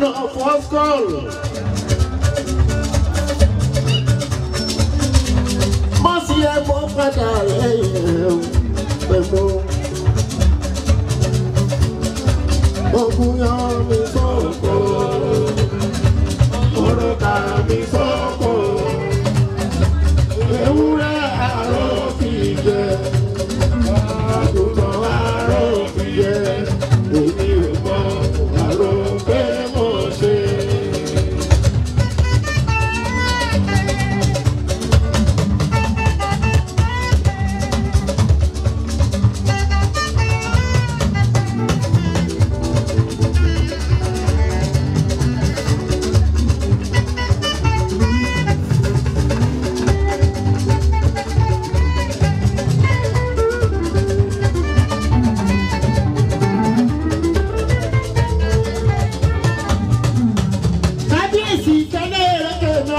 round of first call. Má sí ẹ̀mọ́ padà lẹ́yìn pẹ̀lú. Ogun yan mi sọ́kò, òrùka mi sọ́kò, ewúrẹ́ àárọ̀ fi jẹ, àgùntàn àárọ̀ fi jẹ, èmi ò gbọ́.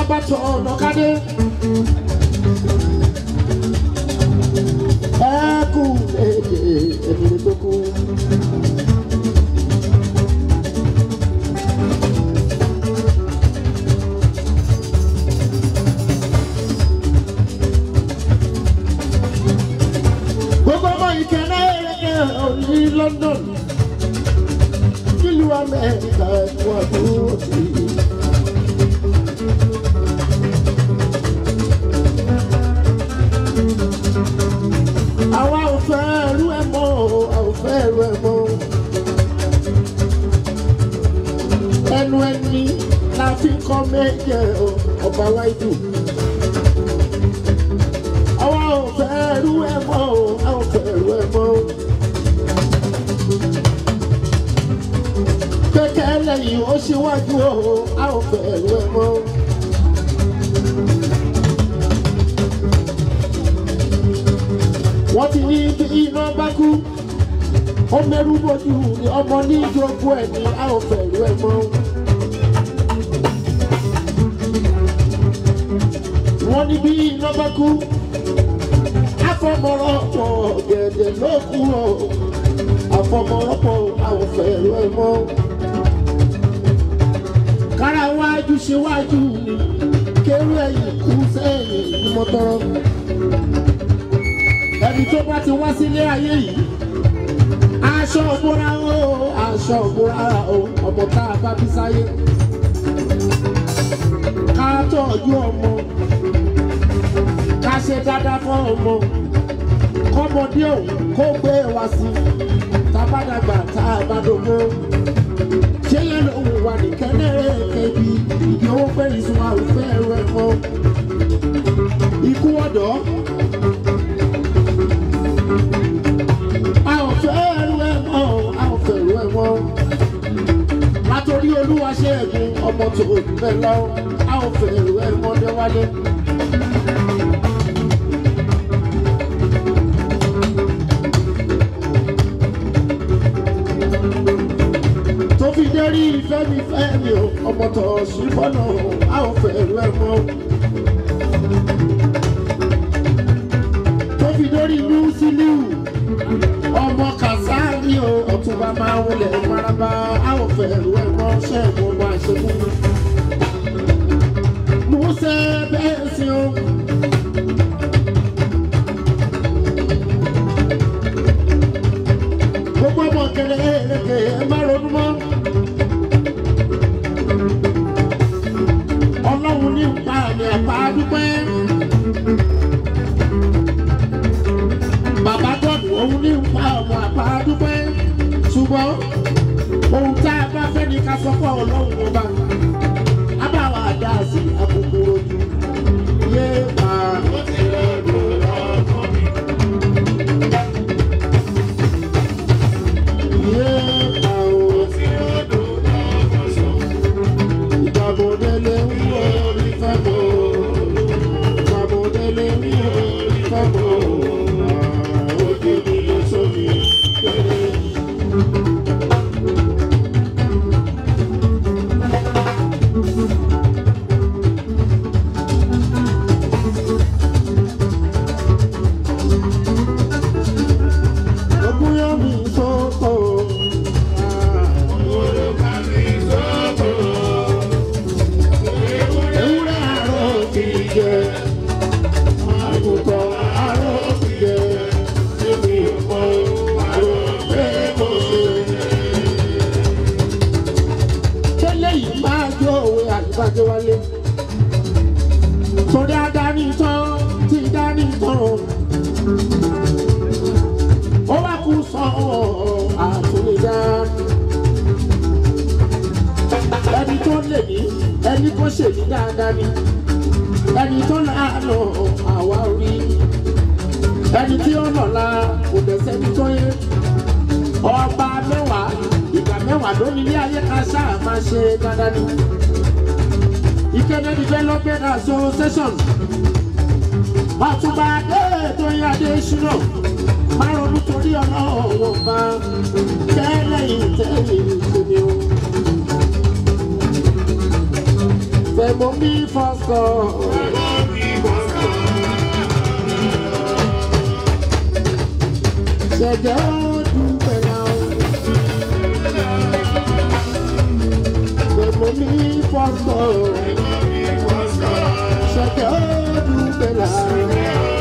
abátọ̀ ọ̀nà kádé. ẹ kú èdè èmi tó kú. gbogbo ọmọ ìkẹ́nẹ́ ẹ̀rẹ́kẹ́ ní London nílùú Amẹ́ríkà ẹ̀kọ́ ó mẹ́rú bó ti hù ní ọmọ ní ìjọgbó ẹ̀ ní a ò bẹ̀rù ẹ̀ mọ́. wọ́n ní bí iná bá kú afọmọrọpọ̀ gẹ̀dẹ̀ ló kú ọ̀ afọmọrọpọ̀ a ò bẹ̀rù ẹ̀ mọ́. kára wájú ṣe wájú ni kérú ẹ̀yìn kú sẹ́yìn ni mo tọrọ. ẹni tó bá ti wá sílé ayé yìí aṣọ òbúra o aṣọ òbúra o ọmọ tá a bá bí sáyé ká tọ́jú ọmọ ká ṣe dáadáa fún ọmọ kọ́mọdé òun kó gbé wa sí tábàdàgbà tá a bá dògbò ṣé yẹn lòun wà ní kẹ́lẹ́rẹ́ kẹbi ìdí owó pé ìsúnmọ́ àrùfẹ́ rẹ̀ mọ́ ikú ọ̀dọ́. mọ́tò bẹ́ẹ̀ lọ́wọ́ a ò fèrè ẹ̀mọ́dé wálé. tó fi dé rí ìfẹ́ mi fẹ́ mi o ọmọ tó ṣì fọ́nà a ò fèrè ẹ̀mọ́. bá máa wọlé ìparaba àwọn fẹ̀rù ẹ̀kọ́ ṣe mo wá ìṣẹ́gun. mo ṣe bẹ́ẹ̀ sí o. gbogbo ọmọ kẹlẹ ẹlẹkẹ ẹ má ronú mọ́. ọlọ́run ní ìpa àmì àpá dúpẹ́. gbọ́ ohun tá a bá fẹ́ ni ká sọ fún ọlọ́run ọba a bá wà dá sí àkókò ojú yéé pa ó dání ẹni tó láàánú àwa orí ẹni tí ó nọ̀la kò dẹ̀sẹ́ni tó yẹ ọba mẹ́wàá ìgbà mẹ́wàá lórí ilé ayé ká sáà máa ṣe dáadáa ni ìkéde development association ọ̀túnba adéètò ìyáde ìṣúná márùn-ún torí ọ̀nà ọ̀wọ̀ bá tẹ́lẹ̀ yìí tẹ́lẹ̀ yìí ṣe ni ó. Fais mon mi fasco C'est Dieu tout pénal Fais mon mi fasco C'est Dieu tout pénal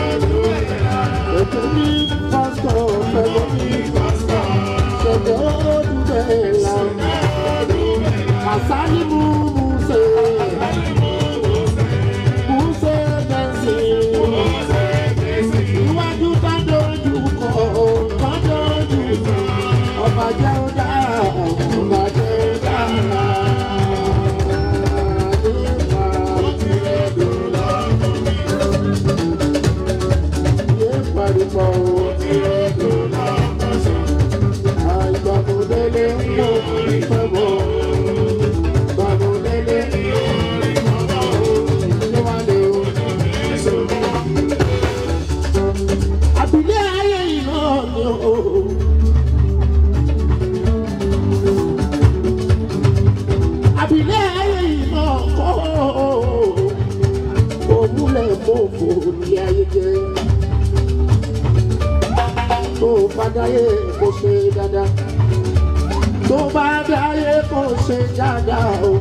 tó bá dáyé kó ṣe dáadáa o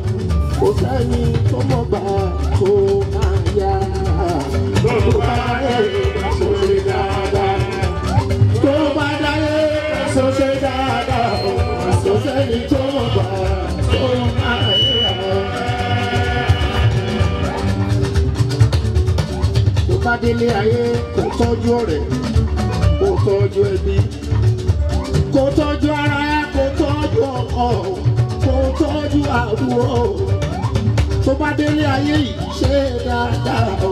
kò sẹ́ni tó mọ̀ gbà tó máa yá. tó bá dáyé kó ṣe dáadáa tó bá dáyé kó ṣe dáadáa o kò sẹ́ni tó mọ̀ gbà tó máa yá. tó bá délé ayé kó tọ́jú ọ̀rẹ́ kó tọ́jú ẹbí kó tọ́jú ọkọ kó tọ́jú àbúrò tó bá délé ayé yìí ṣe dáadáa o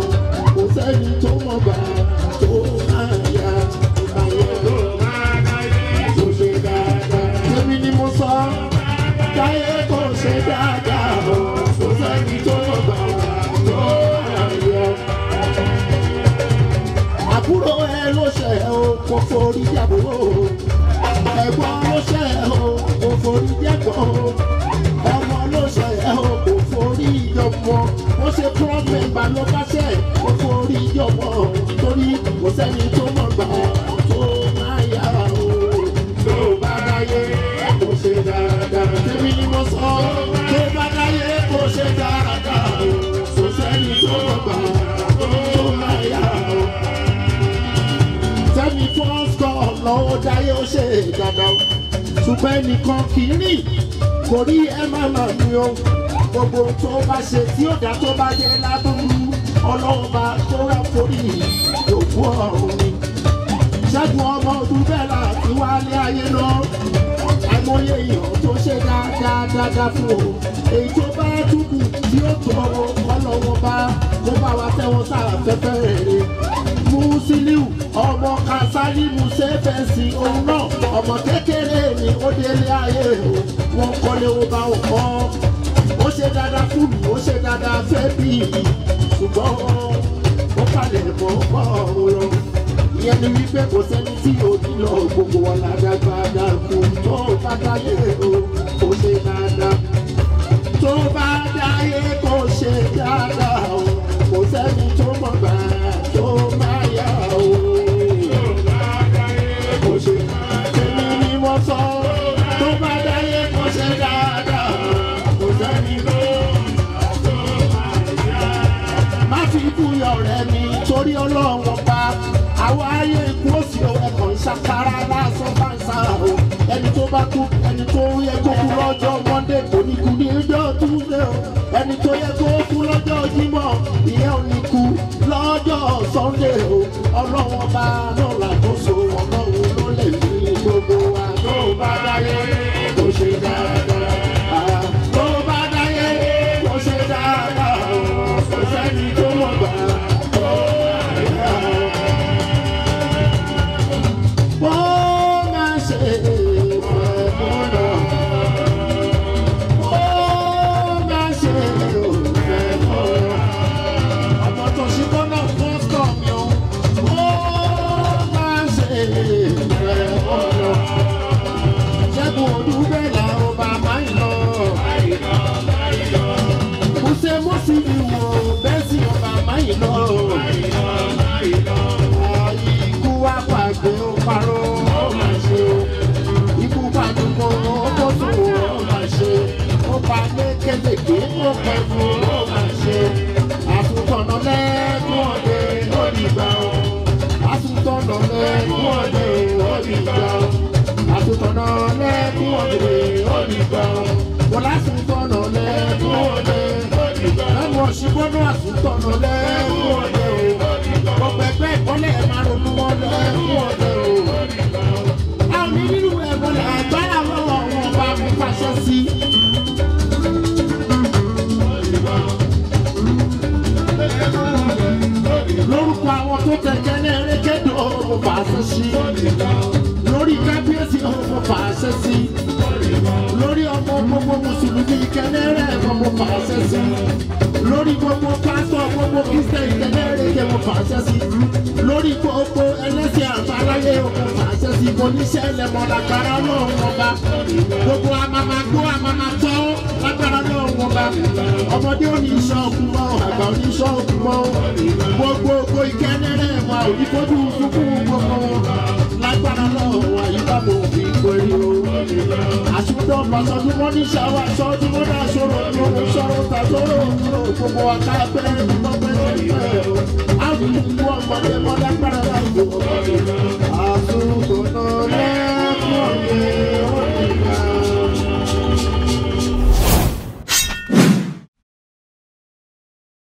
kò sẹ́ni tó mọ̀ bá tó máa yá àwọn tó máa dáyé tó ṣe dáadáa. Tèmi ni mo sọ, táyé kò ṣe dáadáa o kò sẹ́ni tó mọ̀ bá tó máa yá. Àbúrò ẹ ló ṣẹ̀ o kò forí àbúrò. kan wọ́n ṣe club member ló bá ṣẹ̀ ó forí yọ̀wọ̀ torí kò sẹ́ni tó mọ̀ gbà tó máa yá o. ló bá dáyé kò ṣe dáadáa. tèmi ni mo sọ tó bá dáyé kò ṣe dáadáa kò sẹ́ni tó mọ̀ gbà tó máa yá o. sẹ́ni first lọ́wọ́ dáyé ó ṣe dáadáa ṣùgbọ́n ẹnìkan kì í rìn kò rí ẹ̀ máa nà ní o gbogbo tó bá ṣe tí ó dá tó bá jẹ́ lábúrú ọlọ́run bá tó rà forí òkú ọ̀run ni. ṣẹ́gun ọmọ ọdún bẹ́ẹ̀ là ti wá lé ayé lọ àìmọye èèyàn tó ṣe dáadáa dáadáa fún o èyí tó bá dúkù tí ó tọrọ ọlọ́run bá kó bá wa tẹ́wọ́n sára fẹ́fẹ́ rere musiliu ọmọ kasali musefẹsi òun náà ọmọ kékeré ni ó délé ayé o wọn kọ́lé ó bá òkọ́ ṣe dáadáa fún mi ó ṣe dáadáa fẹ́ bí ṣùgbọ́n ó palẹ̀ mọ́ bọ́ ọ̀rọ̀ ìyẹn ni wípé kò sẹ́ni tí ò ní lọ gbogbo wọn ládàgbàdà kù tó bá dáyé o kò ṣe dáadáa tó bá dáyé kò ṣe dáadáa o. ṣàkàrà lásán bá ń sára o ẹni tó bá kú ẹni tó yẹ kó kú lọ́jọ́ monday kò ní kú ní ọjọ́ tuesday o ẹni tó yẹ kó kú lọ́jọ́ jímọ̀ ìyẹn ò ní kú lọ́jọ́ sunday o ọlọ́wọ́n bá náà. kékèké kó pẹ̀lú ó máa ṣe. Àtúntọ̀nà lẹ́kún ọ̀dẹ ó ní gbà ó. Àtúntọ̀nà lẹ́kún ọ̀dẹ ó ní gbà ó. Àtúntọ̀nà lẹ́kún ọ̀dẹ ó ní gbà ó. Wọ́n lásùntọ̀nà lẹ́kún ọ̀dẹ ó ní gbà ó. Lẹ́nu ọ̀ṣìgbọ́nú àtúntọ̀nà lẹ́kún ọ̀dẹ ó ní gbà ó. ìkọ́lẹ̀ ẹ̀ máa ronú wọn lẹ́kún ọ̀dẹ ó ní gbà ó. Àwọn àgbáyàwó ọ̀wọ́n ọba mi fàṣọ sí. fàṣẹ sí ìlú lórí gbogbo ẹlẹ́sìn àbáláyé òun fàṣẹ sí oníṣẹ́ ẹlẹ́mọ̀ lágbára lọ́wọ́ ọba gbogbo amamagbó amamagbọ́ lágbára lọ́wọ́ ọba ọmọdé ò ní iṣẹ́ ọkùn mọ́ àgbà ò ní iṣẹ́ ọkùn mọ́ gbogbo ògbó ìkẹ́nẹ́rẹ́ wa ò ní fojú fúnfún gbogbo lágbára lọ́wọ́ àyíká mo fi gbé àsùnjọ pàṣọdúnmọ́ ní ṣàwà ṣọdúnmọ́ náà sọ̀rọ̀ lóhùn sọ̀rọ̀ tàtọ́rọ̀ gbogbo ọ̀tá abẹ́rẹ́ tọ́pẹ́ lẹ́yìn àwọn ìlú ọmọdé mọ́dágbára láti gbogbo àtúntò náà lẹ́kọ̀ọ́ yẹn.